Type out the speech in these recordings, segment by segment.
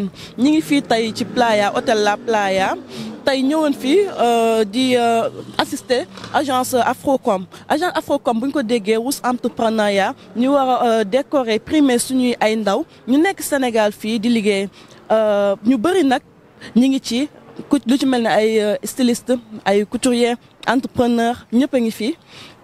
neen ñi ngi fii tey ci Playa hôtel La Playa tey ñëwoon fii euh, di euh, assister agence Afrocom agence Afrocom bu ñu ko déggee wus entrepreneuriat ñu war a euh, décorer primer suñuy ay ndaw ñu nekk Sénégal fii di liggéey ñu bëri nag ñi ngi ci lu ci mel ne ay styliste ay couturier entrepreneur ñëpp a ngi fii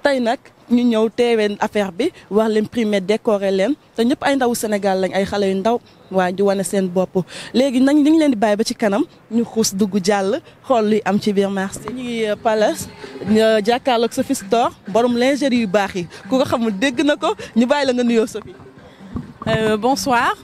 tey nag ñu ñëw teewee affaire bi wax leen primé décoré leen te ñëpp ay ndawu Sénégal lañ ay xale yu ndaw waa ju wane seen bopp léegi nañ li ñu leen di bàyyi ba ci kanam ñu xuus dugg jàll xool luy am ci biir marché ñu ngi euh, Palace euh, jàkkaarloog Sophie Store borom lingerie yu baax yi ku ko xamul dégg na ko ñu bàyyi la nga nuyoo Sophie Euh,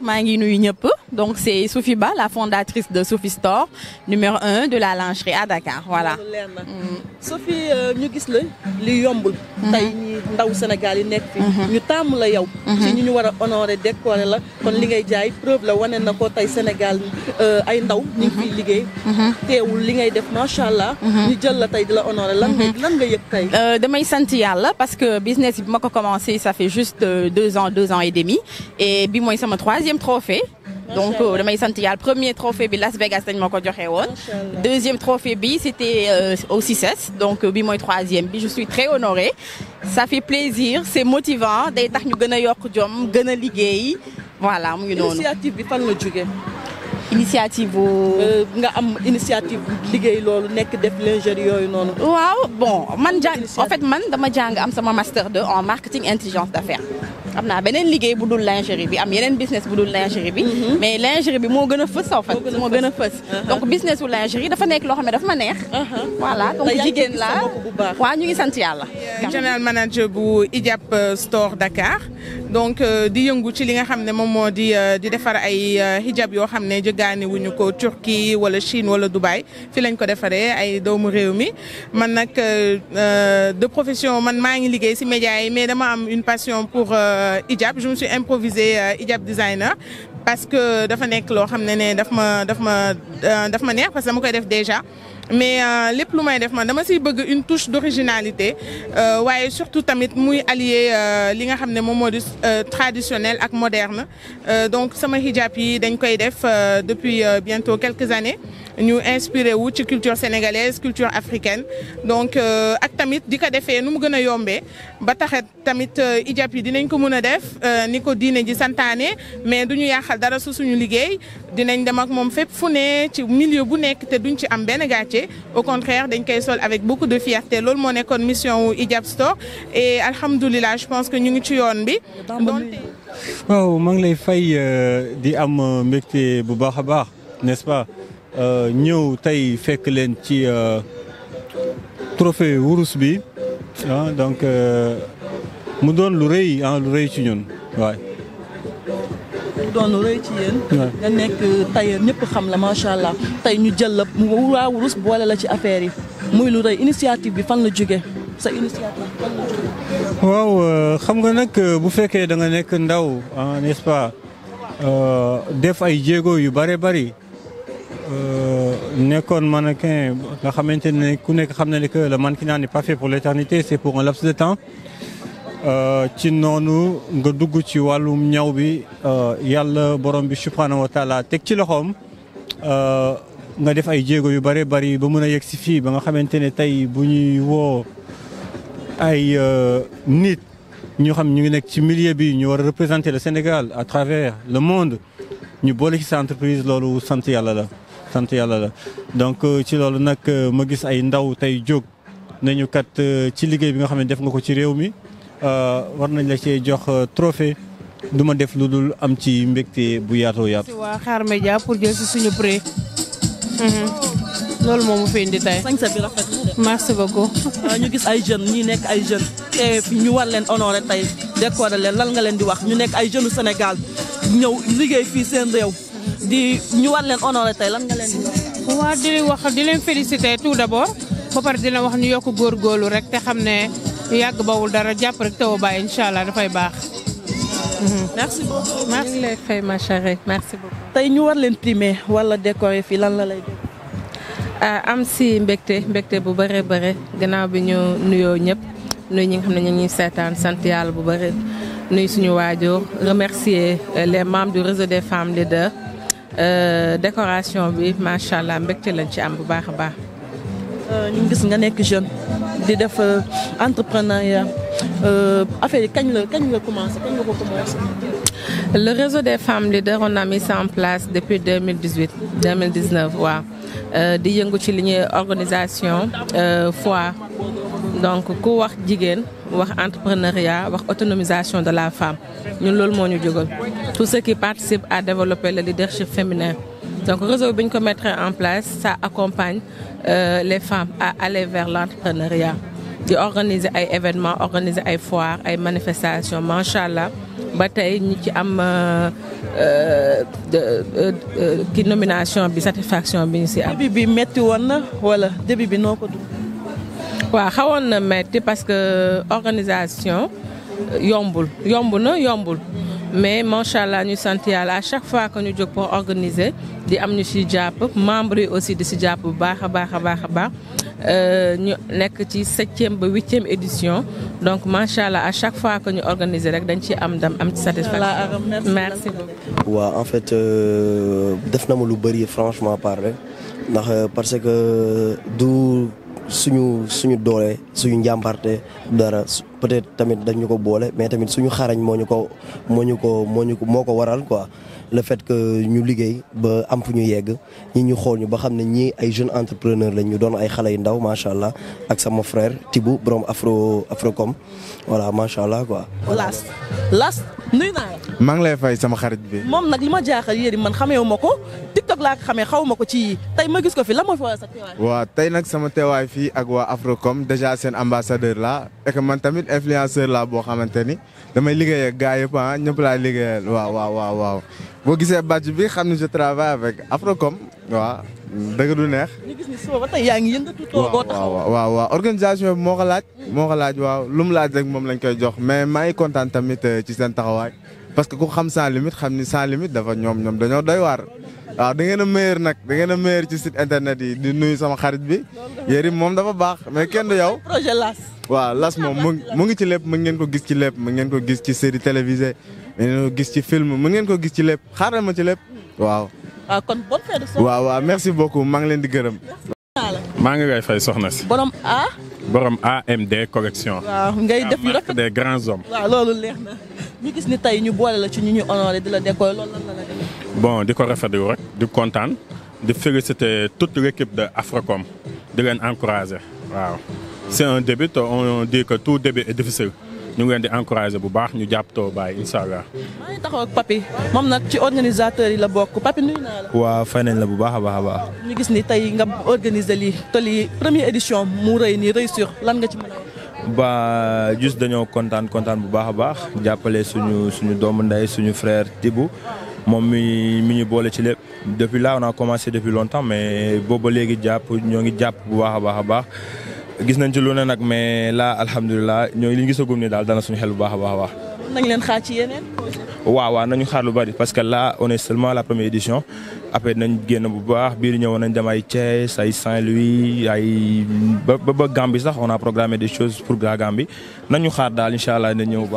maa ngi Euh, ñëpp Donc c'est Sophie Ba, la fondatrice de Sophie Store, numéro 1 de la lingerie à Dakar. Voilà. Mm. Euh, ñu gis la li yombul mm-hmm. tay ñi ndaw Sénégal yi nekk fi mm-hmm. ñu tàmm la yow mm-hmm. ci ñu ñu war a honoré décoré la kon li ngay jaay preuve la wane na ko tey Sénégal euh, ay ndaw ñu ngi fiy liggéey teewul li ngay def macha allah. ñu jël la tey di la honoré lan nga lan nga yëg tey damay sant yàlla parce que business bi ma ko commencé ça fait juste deux ans deux ans et bi mooy sama troisième trophée donc euh, damay sant yàlla premier trophée bi Las Vegas dañ ma ko joxe woon deuxième trophée bi c'était euh, au CICES e donc euh, bi mooy troisième bi je suis très honorée ça fait plaisir c'est motivant day tax ñu gën a yokk jom gën a liggéey voilà mu ngi noonu initiative bi fan la jógee initiative euh, nga am initiative liggéey loolu nekk def lingerie yooyu noonu. waaw bon man jàng en fait man dama jàng am sama master 2 en marketing intelligence d'affaires am naa beneen liggéey bu dul lingerie bi am yeneen business bu dul lingerie bi mm-hmm. mais lingerie bi moo gën a fës en fait moo gën a fës uh-huh. donc business bu lingerie dafa nekk loo xam ne dafa ma neex uh-huh. voilà jigéen la waaw ñu ngi sant yàlla euh, general manager bu Idiap euh, Store Dakar donc euh, di yëngu ci li nga xam ne moom moo di di defar ay hijab yoo xam ne jëgaani wuñu ko Turquie wala Chine wala Dubaï fi lañ ko defaree ay doomu réew mi man nag de profession man maa ngi liggéey si média yi Euh, hijab je me suis improvisée euh, hijab designer parce que dafa nekk loo xam ne ne daf ma daf ma euh, daf ma neex parce que dama koy def déjà mais lépp lu may def ma dama si bëgg une touche d'originalité waaye surtout tamit muy allier li nga xam ne moom moo di traditionnel ak moderne donc sama hijab yi dañ koy def depuis bientôt quelques années ñu inspiré wu ci culture sénégalaise culture africaine donc euh, ak tamit di ko defee nu mu gën a yombee ba taxet tamit euh, ijab yi dinañ ko mën a def euh, ni ko diine ji santaane mais du duñu yàqal dara su suñu liggéey dinañ dem ak moom fépp fu ne ci milieu bu nekk te duñ ci am benn gàcce au contraire dañ koy sol avec beaucoup de fierté loolu moo nekkoon mission wu ijab store et alhamdulilah je pense que ñu ngi ci yoon bi waaw maa ngi lay fay di am mbégte bu baax a baax nest Euh, ñëw tey fekk leen ci euh, trophée wurus bi ah donc euh, mu doon lu rëy ah lu rëy ci ñun waay. mu doon lu rëy ci yéen. nga nekk tailleur ñëpp xam la macha allah tey ñu jël la mu waa wurus boole la ci affaire yi muy lu rëy initiative bi fan la jóge sa initiative fan la jóge waaw xam nga nag bu fekkee da nga nekk ndaw ah, n'est-ce pas def ay jéego yu bare bari. Euh, nekkoon mannequin nga xamante ne ku nekk xam na ni que le mannequinat n'est pas fait pour l'éternité c'est pour un laps de temps euh, ci noonu nga dugg ci wàllum ñaw bi euh, yàlla borom bi subhanahu wa teg ci loxoom nga def ay jéego yu bare bari ba mun a yegg si fii ba nga xamante ne tey bu ñuy woo ay nit ñu xam ñu ngi nekk ci millier bi ñu war a représenter le Sénégal a travers le monde ñu boole ci sa entreprise loolu sant yàlla la. sant yàlla la donc euh, ci loolu nag euh, ma gis ay ndaw tey jóg nañu kat euh, ci liggéey bi nga xam ne def nga ko ci réew mi war nañ la cee jox trophée du ma def lu dul am ci mbégte bu yaatoo yaatu. waa Xaar Média pour jël si suñu prix. Mhm. loolu moom mu fi indi tey. sañse bi rafet merci beaucoup. ñu gis ay jeunes ñi nekk ay jeunes te ñu war leen honoré tey décoré leen lan nga leen di wax ñu nekk ay jënu senegal ñëw liggéey fii seen réew. di ñu war leen honoré tey lan nga leen di waa di wax di leen félicité tout d'abord ba pare dina wax ñu yokk góorgóorlu rek te xam ne yàgg bawul dara jàpp rek taw ba incha allah dafay baax. Mhm. merci beaucoup maa ngi lay fay tey ñu war leen primé wala décoré fii lan la lay def. Ah, am si mbégte mbégte bu bëree bëri gannaaw bi ñu nuyoo ñëpp nuyu ñi nga xam ne ñu ngi seetaan sant yàlla bu bëri nuyu suñu waajur remercier euh, les maam du réseau des de leaders. Euh, décoration bi macha allah mbégte lañ ci am bu baax a baax. Euh, gis nga nekk jeune di def euh, entrepreneuriat ya yi kañ la kañ la commencé kañ la ko commencé. le réseau des femmes leaders de a mis ça en place depuis 2018 2019 waaw di yëngu ci li ñuy organisation foire. donc ku wax jigéen wax entrepreneuriat wax autonomisation de la femme ñun loolu moo ñu jógal tout ce qui participe à développer le leadership féminin donc réseau bi ñu ko mettre en place sa accompagne euh, les femmes à aller vers l'entrepreneuriat di organiser ay événements organiser ay foires ay manifestation macha allah ba tey ñu ci am euh, euh, euh, ki nomination bi satisfaction bi ñu si am. début bi metti woon na wala début bi noo ko dund waaw xawoon na metti parce que organisation euh, yombul yomb na yombul mais macha allah ñu sant yàlla chaque fois que ñu jóg pour organiser di am ñu ci jàpp membre yi aussi di ci jàpp bu baax a baax a baax a baax euh, ñu nekk ci septième ba huitième édition donc macha allah à chaque fois que ñu organiser rek dañ ci am dam am ci satisfaction. merci beaucoup. waaw en fait euh, def na ma lu bari franchement parler ndax parce que du. suñu suñu doole suñu njàmbarte dara peut-être tamit dañu ko boole mais tamit suñu xarañ moo ñu ko moo ñu ko moo ñu moo ko waral quoi le fait que ñu liggéey ba am fu ñu yegg ñi ñu xool ñu ba xam ne ñii ay jeunes entrepreneur lañ ñu doon ay xale yu ndaw macha allah ak sama frère Tibou borom afro afrocom voilà macha allah quoi. las las nuyu naa la. maa ngi fay sama xarit bi. moom nag li ma jaaxal yéen man xamee wu ma ko TikTok laa xamee xaw ma ko ci tey ma gis ko fi la ma fi sa teewaay. waaw tey nag sama teewaay fii ak waa afrocom déjà seen ambassadeur la et man tamit influenceur la boo xamante ni damay liggéey ak gars yëpp ah ñëpp laay liggéeyal waaw waaw waaw boo gisee bàcc bi xam ne je travaille avec Afrocom waaw dëgg du neex. ñu gis waaw waaw waaw organisation bi moo ko laaj. moo ko laaj waaw lu laaj rek moom lañ koy jox mais maa ngi kontaan tamit euh, ci seen taxawaay parce que ku xam sans limite xam ni sans limite dafa ñoom ñoom dañoo doy waar. waaw da ngeen a meilleur nag da ngeen a meilleur ci site internet yi di nuyu sama xarit bi Yérim moom dafa baax mais kenn du yow. projet Las. waaw Las moom mu ngi ci lépp mu ngeen ko gis ci lépp mu ngeen ko gis ci série télévisée mu ngeen ko gis ci film mu ngeen ko gis ci lépp xaaral ma ci lépp waaw. waaw ah, kon bonne merci beaucoup maa ngi leen di gërëm. maa ngi lay fay soxna si. borom A. borom AMD collection. waaw ngay def yu rafet des grands hommes. loolu leer na ñu gis ni tey ñu boole la ci ñu ñu honoré bon di ko rafetlu rek di kontaan di féliciter toute l'équipe de Afrocom di leen encourager waaw c'est un début te on dit que tout début est ñu ngi leen di encourager bu baax ñu jàpp too bàyyi incha allah. maa ngi taxaw moom nag ci organisateur yi la bokk Papy nuyu naa la. waaw fay la bu baax a baax a baax. ñu gis ni tey nga organiser li te lii première édition mu rëy nii réussir lan nga ci mën ba juste dañoo kontaan kontaan bu baax a baax jàppale suñu suñu doomu ndey suñu frère Tibou moom mi mi ñu boole ci lépp depuis là on a commencé depuis longtemps mais booba léegi jàpp ñoo ngi jàpp bu baax a baax a baax gis nañ ci lu ne nag mais là alhamdulilah ñoo ngi li ñu gisagum daal dana suñu xel bu baax a baax a baax. nañ leen xaar ci yeneen. waaw waaw nañu xaar lu bari parce que là on est seulement la première édition après nañ génn bu baax biir ñëwoon nañ dem ay Thiès ay Saint-Louis ay ba ba Gambie sax on a programmé des choses pour Gambie nañu xaar daal incha allah nañ ñëw bu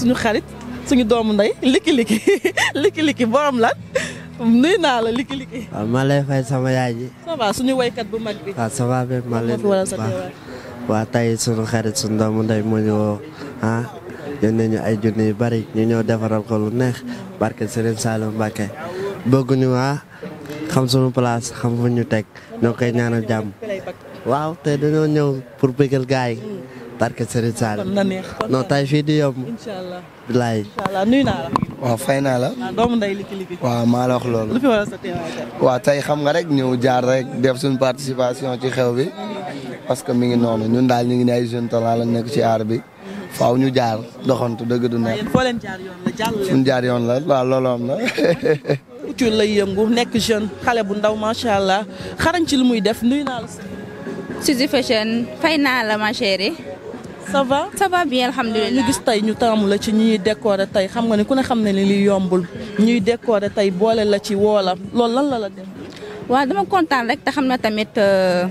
suñu xarit. suñu doomu ndey Liki Liki Liki Liki borom lan nuyu naa la Liki Liki. waaw maa lay fay sama yaay ji. suñu waykat bu mag bi. waaw ça va bi maa leen waa tey suñu xarit suñu doomu ndey mu woo ah yónnee ñu ay junni yu bari ñu ñëw defaral ko lu neex barke Serigne Saliou Mbacké bëgguñu waa ah, xam suñu place xam fu ñu teg ñoo koy ñaanal jàmm. waaw te dañoo ñëw pour bégal gaay hmm. barke Serigne Sall na fii di yomb. bilaay. incha fay naa la. waaw doomu ndey Liki Liki. waaw maa loolu. lu fi waral sa teewaay xam nga rek ñëw jaar rek def suñu participation ci xew bi parce que mi ngi noonu ñun daal ñu ngi ne ay jeunes talent lañ nekk ci aar bi. faaw ñu jaar doxantu dëgg du nekk. foo leen jaar yoon la jàll leen. la waaw nekk jeune xale bu ndaw macha allah xarañ ci lu muy def nuyu naa la. Suzy Fashion fay naa la ma ça va ça va bien alhamdulilah ñu gis tey ñu taamu la ci ñuy décorer tey xam nga ne ku ne xam ne ni li yombul ñuy décorer tey boole la ci woola lool lan la la dem. waaw dama kontaan rek te xam na tamit euh,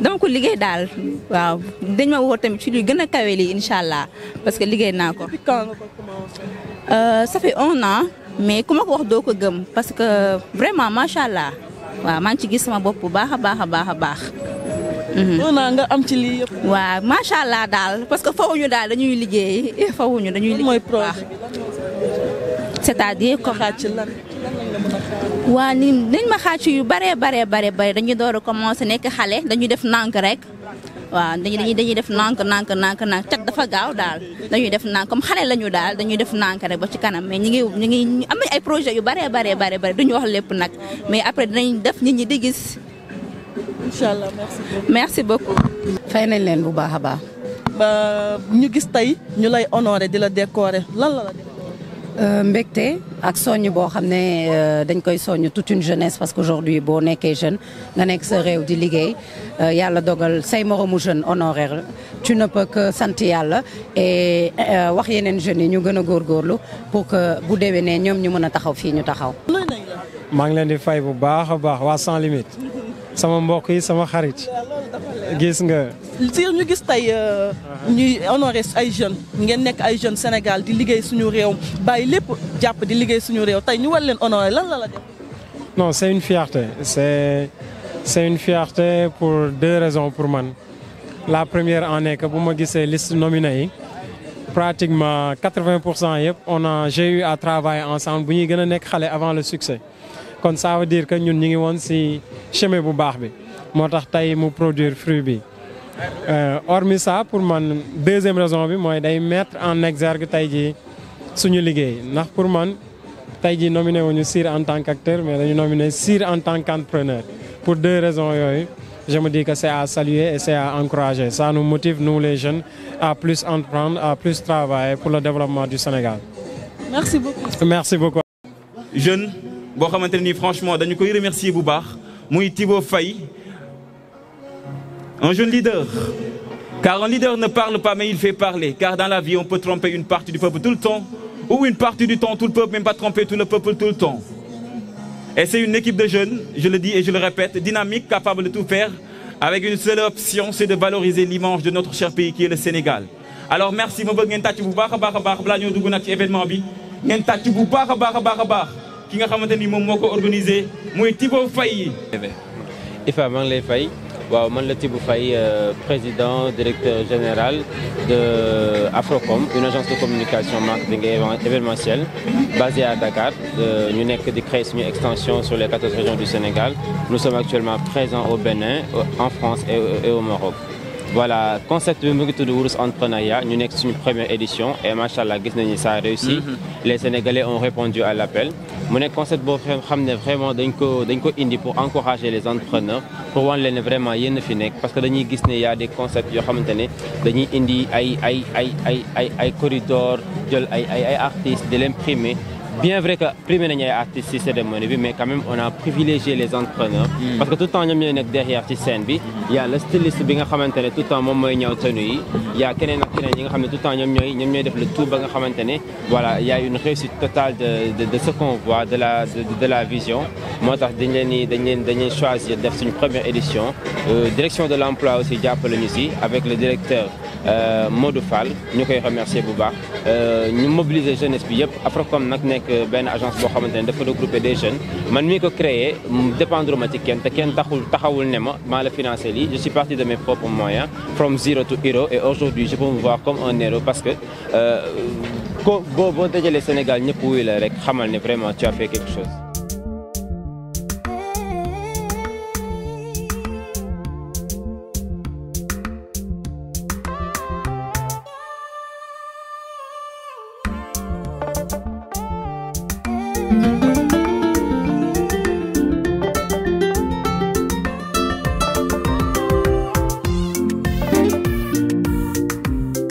dama ko liggéey daal waaw dañ ma woo tamit ci luy gën a kawe lii incha allah parce que liggéey naa ko. Euh, ça fait un an mais ku ma ko wax doo ko gëm parce que vraiment macha allah waaw maa ngi ci gis sama bopp bu baax a baax a baax a baax. Mm-hmm. un an nga am ci lii yëpp. waaw allah daal parce que fawuñu daal dañuy liggéey fawuñu dañuy. liggéey mooy projet c'est-à-dire comme xaaj waa ni dañ ma xaaj yu baree baree baree bare dañuy door a commencé nekk xale dañuy def nànk rek waaw dañuy dañuy def nank nank nànk nànk cat dafa gaaw daal dañuy def nànk comme xale la ñu daal dañuy def nànk rek ba ci kanam mais ñu ngi ñu ngi am ay projet yu baree baree baree bare duñu wax lépp nag mais après dinañ def nit ñi di incha allah merci beaucoup merci nañ leen bu baax a baax. ba ñu gis tey ñu lay honoré di la décorer lan la la euh, mbégte ak soññ boo xam ne euh, dañ koy soññ toute une jeunesse parce qu'aujourd'hui boo nekkee jeune nga nekk sa réew di liggéey euh, yàlla dogal say moromu jeune honoraire tu ne peux que sant yàlla e wax yeneen jeunes yi ñu gën a góorlu pour que bu ne ñoom ñu mën a taxaw fii ñu taxaw. maa ngi leen di fay bu baax a baax waa sans limite. sama mbokk yi sama xarit gis nga. diir ñu gis tey euh, ñuy honoré ay jeunes ngeen nekk ay jeunes Sénégal di liggéey suñu réew bàyyi lépp jàpp di liggéey suñu réew tey ñu war leen honoré lan la la def. non c'est une fierté c'est c'est une fierté pour deux raisons pour man la première en est bu ma gisee liste nominée yi pratiquement 80 pour cent yëpp on a j'ai eu à travailler ensemble bu ñuy gën a nekk xale avant le succès. kon ça dire que ñun ñu ngi woon si chemin bu baax bi moo tax tey mu produire fruit bi. Euh, hormis ça pour man deuxième raison bi mooy day mettre en exergue tey jii suñu liggéey ndax pour man tey jii nominé wuñu Sir en tant qu'acteur mais dañu nominé Sir en tant qu'entrepreneur pour deux raison yooyu. je me dis que c'est à saluer et c'est à encourager. Ça nu motive, nous les jeunes, à plus entreprendre, à plus travailler pour le développement du Sénégal. Merci boo xamante ni franchement dañu koy remercier bu baax muy Thibaut Faye un jeune leader car un leader ne parle pas mais il fait parler car dans la vie on peut tromper une partie du peuple tout le temps ou une partie du temps tout le peuple même pas tromper tout le peuple tout le temps et c'est une équipe de jeunes je le répète dynamique capable de tout faire avec une seule option c'est de valoriser l'image de notre cher pays qui est le Sénégal ma bëgg ngeen tàcc bu baax baax a baax balaa ñoo bi bu baax a baax a baax a baax ki nga xamante ni moom moo ko organisé muy Thibaut Faye. Ifa maa ngi lay fay waaw man la Thibaut Faye euh, président directeur général de euh, Afrocom une agence de communication marketing et événementielle basée à Dakar euh, ñu nekk di créer suñu extension sur les 14 régions du Sénégal nous sommes actuellement présents au Bénin en France et au Maroc. voilà concept bi mu ngi tudd Wurus entrepreneuriat ñu nekk suñu première édition et macha gis nañu ça a réussi mm-hmm. les sénégalais on répondu à l'appel mu nekk concept boo xam ne vraiment dañ ko dañ ko indi pour encourager les entrepreneurs pour wan leen ne vraiment yéen fi nekk parce que dañuy gis ne y a des concepts yoo xamante ne dañuy indi ay ay ay ay ay ay corridor jël ay ay ay artistes di leen primer bien vrai que primé nañu ay artistes ci cérémonie bi mais quand même on a privilégié les entrepreneurs. Mm. parce que tout le temps ñoom ñooy nekk derrière ci scène bi. y a le styliste bi nga xamante ne tout le temps moom mooy ñëw tenue yi. y a keneen ak keneen yi nga xam ne tout le temps ñoom ñooy ñoom ñooy def le tout ba nga xamante ne voilà y a une réussite totale de de de ce qu'on voit de la de, de la vision. moo tax dañ leen di dañ leen dañuy choisir def suñu première édition euh, direction de l'emploi aussi jàppale ñu ci avec le directeur. Euh, Modou Fall ñu koy remercier bu baax euh, ñu mobiliser jeunesse bi yëpp Afrocom nag nekk benn agence boo xamante ne dafa regrouper des jeunes man mii ko créé dépendre ma ci kenn kenn taxul taxawul ne ma maa la financé lii je suis parti de mes propres moyens from zero to hero et aujourd'hui je peux me voir comme un héros parce que euh, ko boo boo dajalee Sénégal ñëpp wuy la rek xamal ne vraiment ci as fait quelque chose